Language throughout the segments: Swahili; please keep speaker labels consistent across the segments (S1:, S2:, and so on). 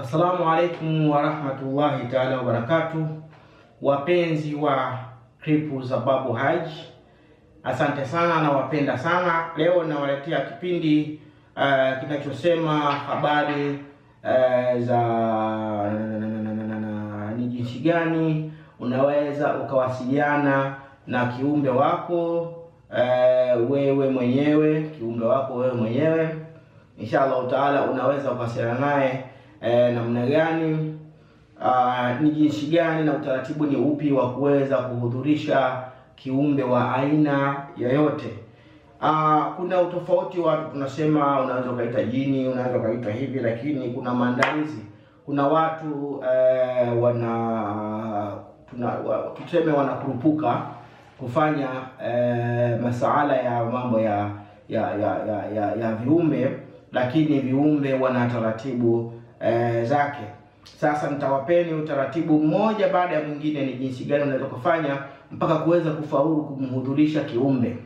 S1: Assalamu alaikum warahmatullahi taala wabarakatu, wapenzi wa kripu za Babu Haji, asante sana na wapenda sana. Leo nawaletea kipindi uh, kinachosema habari uh, za ni jinsi gani unaweza ukawasiliana na kiumbe wako uh, wewe mwenyewe, kiumbe wako wewe mwenyewe, insha allahu taala unaweza ukawasiliana naye e, namna gani ah, ni jinsi gani na utaratibu ni upi wa kuweza kuhudhurisha kiumbe wa aina yoyote. Uh, kuna utofauti wa watu, tunasema unaweza ukaita jini, unaweza ukaita hivi, lakini kuna maandalizi. Kuna watu eh, wana tuna, wa, tuseme wanakurupuka kufanya eh, masuala ya mambo ya ya ya, ya, ya, ya viumbe, lakini viumbe wana taratibu e, zake. Sasa nitawapeni utaratibu mmoja baada ya mwingine, ni jinsi gani unaweza kufanya mpaka kuweza kufaulu kumhudhurisha kiumbe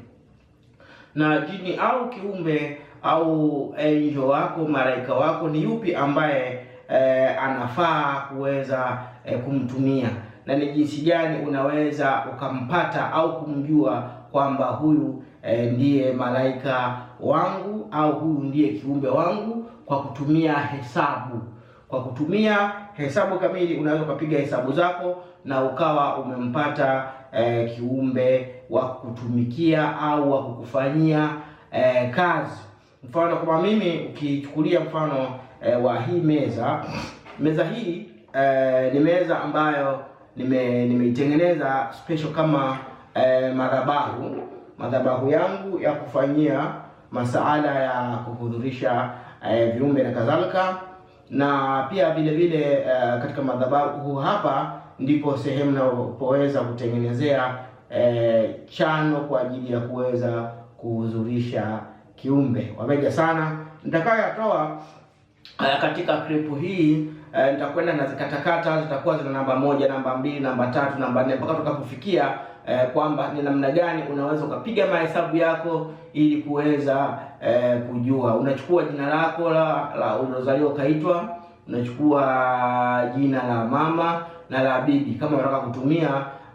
S1: na jini au kiumbe au enjo eh, wako malaika wako ni yupi ambaye e, anafaa kuweza e, kumtumia na ni jinsi gani unaweza ukampata au kumjua kwamba huyu e, ndiye malaika wangu au huyu ndiye kiumbe wangu kwa kutumia hesabu. Kwa kutumia hesabu kamili unaweza ukapiga hesabu zako na ukawa umempata e, kiumbe wa kutumikia au wa kukufanyia e, kazi. Mfano kama mimi ukichukulia mfano e, wa hii meza, meza hii e, ni meza ambayo nime nimeitengeneza special kama e, madhabahu madhabahu yangu ya kufanyia masaala ya kuhudhurisha eh, viumbe na kadhalika, na pia vile vile uh, katika madhabahu hapa ndipo sehemu napoweza kutengenezea eh, chano kwa ajili ya kuweza kuhudhurisha kiumbe. Wameja sana nitakayotoa uh, eh, katika clip hii uh, nitakwenda zikatakata zitakuwa zina namba moja, namba mbili, namba tatu, namba nne mpaka tutakapofikia eh, kwamba ni namna gani unaweza ukapiga mahesabu yako ili kuweza eh, kujua. Unachukua jina lako la, la ulozaliwa ukaitwa, unachukua eh, jina la mama na la bibi kama unataka kutumia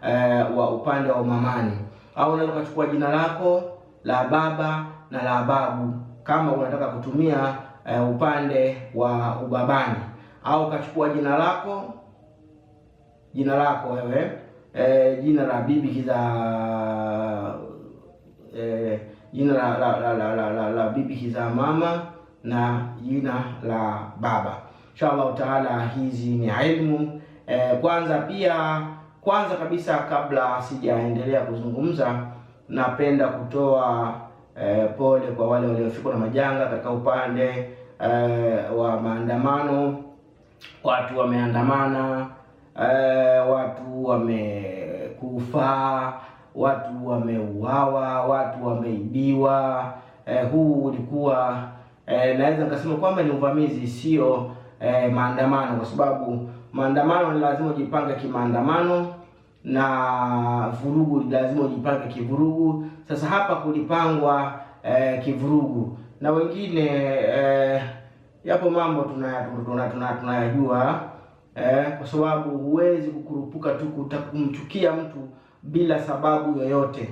S1: eh, wa upande wa mamani, au unaweza ukachukua jina lako la baba na la babu kama unataka kutumia eh, upande wa ubabani, au ukachukua jina lako jina lako wewe Eh, jina la bibi kiza eh, jina la la, la, la, la, la, la bibi kiza mama na jina la baba. inshallah taala, hizi ni ilmu eh, kwanza pia kwanza kabisa kabla sijaendelea kuzungumza, napenda kutoa pole kwa wale waliofikwa na majanga katika upande wa maandamano. Watu wameandamana Eh, watu wamekufa, watu wameuawa, watu wameibiwa. Eh, huu ulikuwa eh, naweza nikasema kwamba ni uvamizi, sio eh, maandamano, kwa sababu maandamano ni lazima ujipange kimaandamano na vurugu lazima ujipange kivurugu. Sasa hapa kulipangwa eh, kivurugu na wengine eh, yapo mambo tunayajua tuna, tuna, tuna, tuna eh, kwa sababu huwezi kukurupuka tu kumchukia mtu bila sababu yoyote.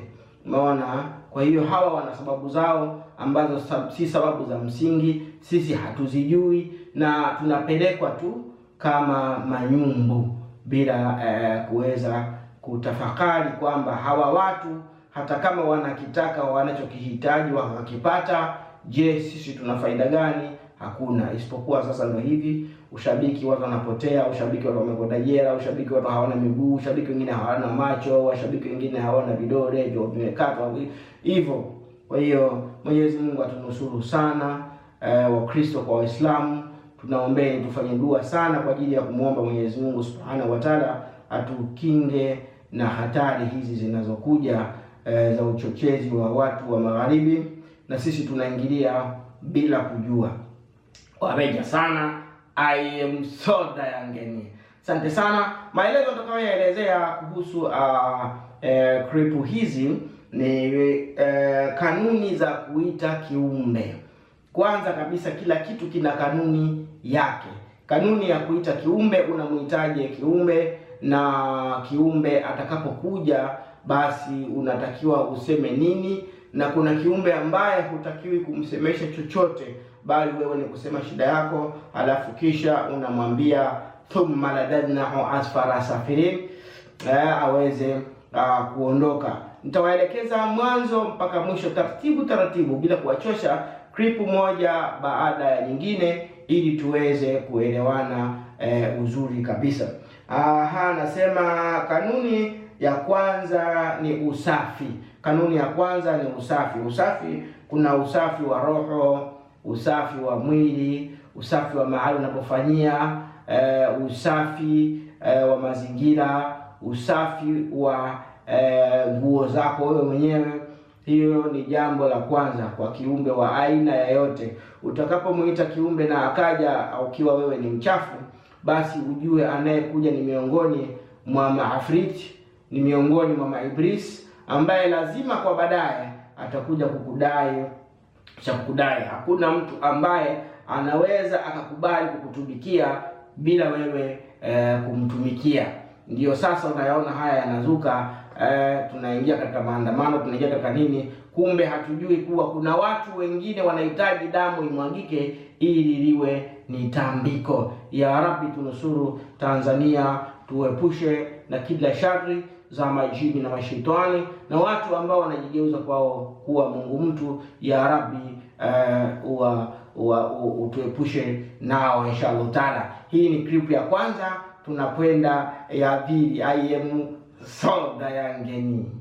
S1: Umeona? Kwa hiyo hawa wana sababu zao ambazo sab si sababu za msingi, sisi hatuzijui na tunapelekwa tu kama manyumbu bila eh, kuweza kutafakari kwamba hawa watu hata kama wanakitaka wanachokihitaji wakakipata, je, sisi tuna faida gani? hakuna, isipokuwa sasa ndio hivi, ushabiki watu wanapotea, ushabiki watu wamekonda jela, ushabiki watu hawana miguu, ushabiki wengine hawana macho, washabiki wengine hawana vidole hivyo vimekatwa hivyo. Kwa hiyo Mwenyezi Mungu atunusuru sana eh, Wakristo kwa Waislamu tunaombee, tufanye dua sana kwa ajili ya kumwomba Mwenyezi Mungu Subhanahu wa Ta'ala atukinge na hatari hizi zinazokuja e, za uchochezi wa watu wa magharibi, na sisi tunaingilia bila kujua wameja sana. I am so Dayangeni. Asante sana. Maelezo nitakayoelezea kuhusu uh, eh, kripu hizi ni eh, kanuni za kuita kiumbe. Kwanza kabisa, kila kitu kina kanuni yake. Kanuni ya kuita kiumbe, unamuitaje kiumbe, na kiumbe atakapokuja basi unatakiwa useme nini na kuna kiumbe ambaye hutakiwi kumsemesha chochote, bali wewe ni kusema shida yako, alafu kisha unamwambia thumma ladadnahu asfara safirin, eh, aweze uh, kuondoka. Nitawaelekeza mwanzo mpaka mwisho taratibu taratibu, bila kuwachosha, klipu moja baada ya nyingine, ili tuweze kuelewana uh, uzuri kabisa. Aha, nasema kanuni ya kwanza ni usafi. Kanuni ya kwanza ni usafi. Usafi kuna usafi wa roho, usafi wa mwili, usafi wa mahali unapofanyia e, usafi e, wa mazingira, usafi wa eh, nguo e, zako wewe mwenyewe. Hiyo ni jambo la kwanza kwa kiumbe wa aina yoyote. Utakapomwita kiumbe na akaja ukiwa wewe ni mchafu, basi ujue anayekuja ni miongoni mwa maafriti, ni miongoni mwa maibrisi ambaye lazima kwa baadaye atakuja kukudai cha kukudai. Hakuna mtu ambaye anaweza akakubali kukutumikia bila wewe e, kumtumikia. Ndiyo sasa unayaona haya yanazuka. E, tunaingia katika maandamano, tunaingia katika nini? Kumbe hatujui kuwa kuna watu wengine wanahitaji damu imwagike ili liwe ni tambiko. Ya Rabbi, tunusuru Tanzania, tuepushe na kila shari za majini na mashaitani na watu ambao wanajigeuza kwao kuwa Mungu mtu. Ya Rabbi uh, eh, wa, wa, utuepushe nao inshallah taala. Hii ni clip ya kwanza, tunakwenda ya pili. I am soda ya ngeni